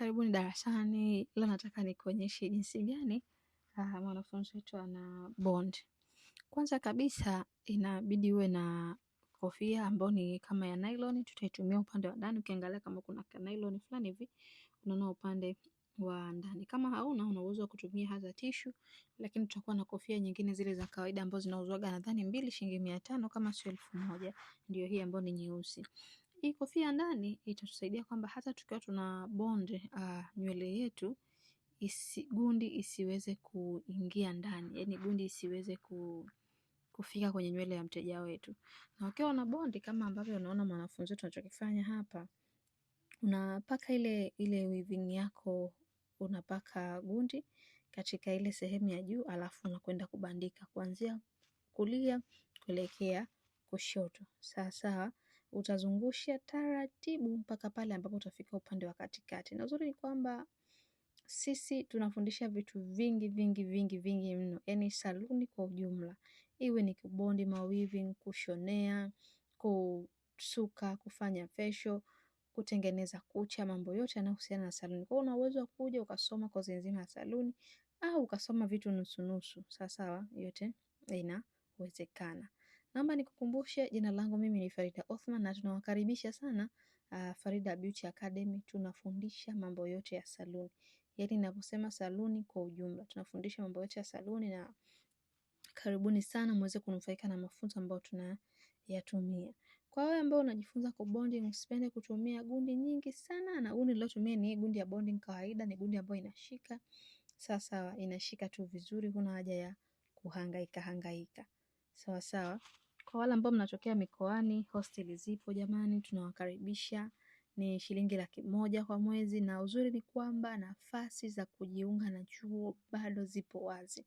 Karibuni darasani. Leo nataka nikuonyeshe jinsi gani uh, mwanafunzi wetu ana bond. Kwanza kabisa inabidi uwe na kofia ambayo ni kama ya nylon, tutaitumia upande wa ndani. Ukiangalia kama kuna nylon fulani hivi unaona upande wa ndani. Kama hauna una uwezo wa kutumia hata tishu, lakini tutakuwa na kofia nyingine zile za kawaida ambazo zinauzwaga nadhani mbili shilingi mia tano kama sio elfu moja. Ndio hii ambayo ni nyeusi. Hii kofia ndani itatusaidia kwamba hata tukiwa tuna bonde uh, nywele yetu isi, gundi isiweze kuingia ndani, yani gundi isiweze ku, kufika kwenye nywele ya mteja wetu. Na ukiwa na bondi kama ambavyo unaona mwanafunzi wetu anachokifanya hapa, unapaka ile ile weaving yako, unapaka gundi katika ile sehemu ya juu, alafu unakwenda kubandika kuanzia kulia kuelekea kushoto, sawa sawa utazungusha taratibu mpaka pale ambapo utafika upande wa katikati. Na uzuri ni kwamba sisi tunafundisha vitu vingi vingi vingi vingi mno, yani saluni kwa ujumla, iwe ni kubondi mawivi kushonea, kusuka, kufanya fesho, kutengeneza kucha, mambo yote yanayohusiana na saluni. Kwa hiyo una uwezo wa kuja ukasoma kozi nzima ya saluni au ukasoma vitu nusunusu, sawasawa, yote inawezekana. Naomba nikukumbushe jina langu mimi ni Farida Othman na tunawakaribisha sana uh, Farida Beauty Academy. Tunafundisha mambo yote ya saluni, yaani ninaposema saluni kwa ujumla, tunafundisha mambo yote ya saluni, na karibuni sana muweze kunufaika na mafunzo ambayo tunayatumia. Kwa wewe ambao unajifunza kwa bonding, usipende kutumia gundi nyingi sana, na gundi nilotumia ni gundi ya bonding kawaida, ni gundi ambayo inashika sawasawa, inashika tu vizuri, huna haja ya kuhangaika hangaika, hangaika sawa sawa. Kwa wale ambao mnatokea mikoani, hosteli zipo jamani, tunawakaribisha. Ni shilingi laki moja kwa mwezi, na uzuri ni kwamba nafasi za kujiunga na chuo bado zipo wazi.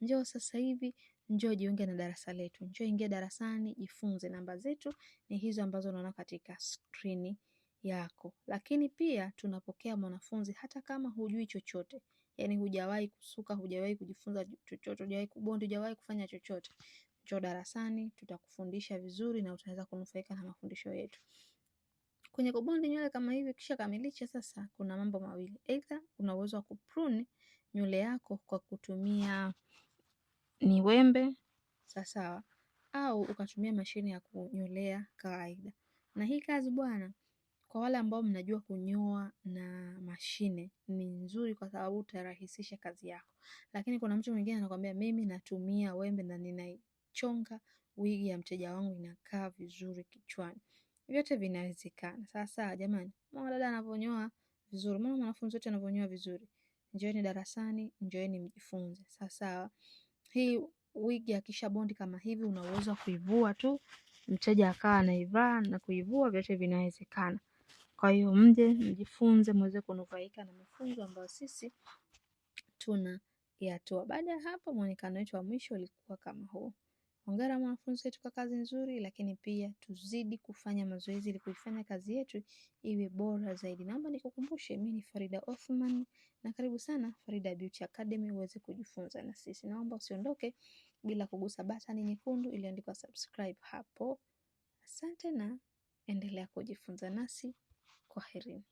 Njoo sasa hivi, njoo jiunge na darasa letu, njoo ingia darasani, jifunze. Namba zetu ni hizo ambazo unaona katika skrini yako, lakini pia tunapokea mwanafunzi hata kama hujui chochote yani hujawahi kusuka, hujawahi kujifunza chochote, hujawahi kubondi, hujawahi kufanya chochote, njoo darasani, tutakufundisha vizuri na utaweza kunufaika na mafundisho yetu. Kwenye kubondi nywele kama hivi kisha kamilisha, sasa kuna mambo mawili, aidha una uwezo wa kuprune nywele yako kwa kutumia ni wembe sawasawa, au ukatumia mashine ya kunyolea kawaida. Na hii kazi bwana, kwa wale ambao mnajua kunyoa na mashine ni nzuri, kwa sababu utarahisisha kazi yako, lakini kuna mtu mwingine anakuambia, mimi natumia wembe na nina kuchonga wigi ya mteja wangu inakaa vizuri kichwani. Vyote vinawezekana. Sasa jamani, mama dada anavyonyoa vizuri, mbona mwanafunzi wote anavyonyoa vizuri? Njoeni darasani, njoeni mjifunze. Sasa hii wigi akisha bondi kama hivi, una uwezo wa kuivua tu, mteja akawa anaivaa na kuivua, vyote vinawezekana. Kwa hiyo mje mjifunze, mweze kunufaika na mafunzo ambayo sisi tuna tunayatoa. Baada ya hapo, muonekano wetu wa mwisho ulikuwa kama huu. Hongera mwanafunzi wetu kwa kazi nzuri, lakini pia tuzidi kufanya mazoezi ili kuifanya kazi yetu iwe bora zaidi. Naomba nikukumbushe, mimi ni Farida Othman na karibu sana Farida Beauty Academy uweze kujifunza na sisi. Naomba usiondoke bila kugusa batani nyekundu iliyoandikwa subscribe hapo. Asante na endelea kujifunza nasi, kwaherini.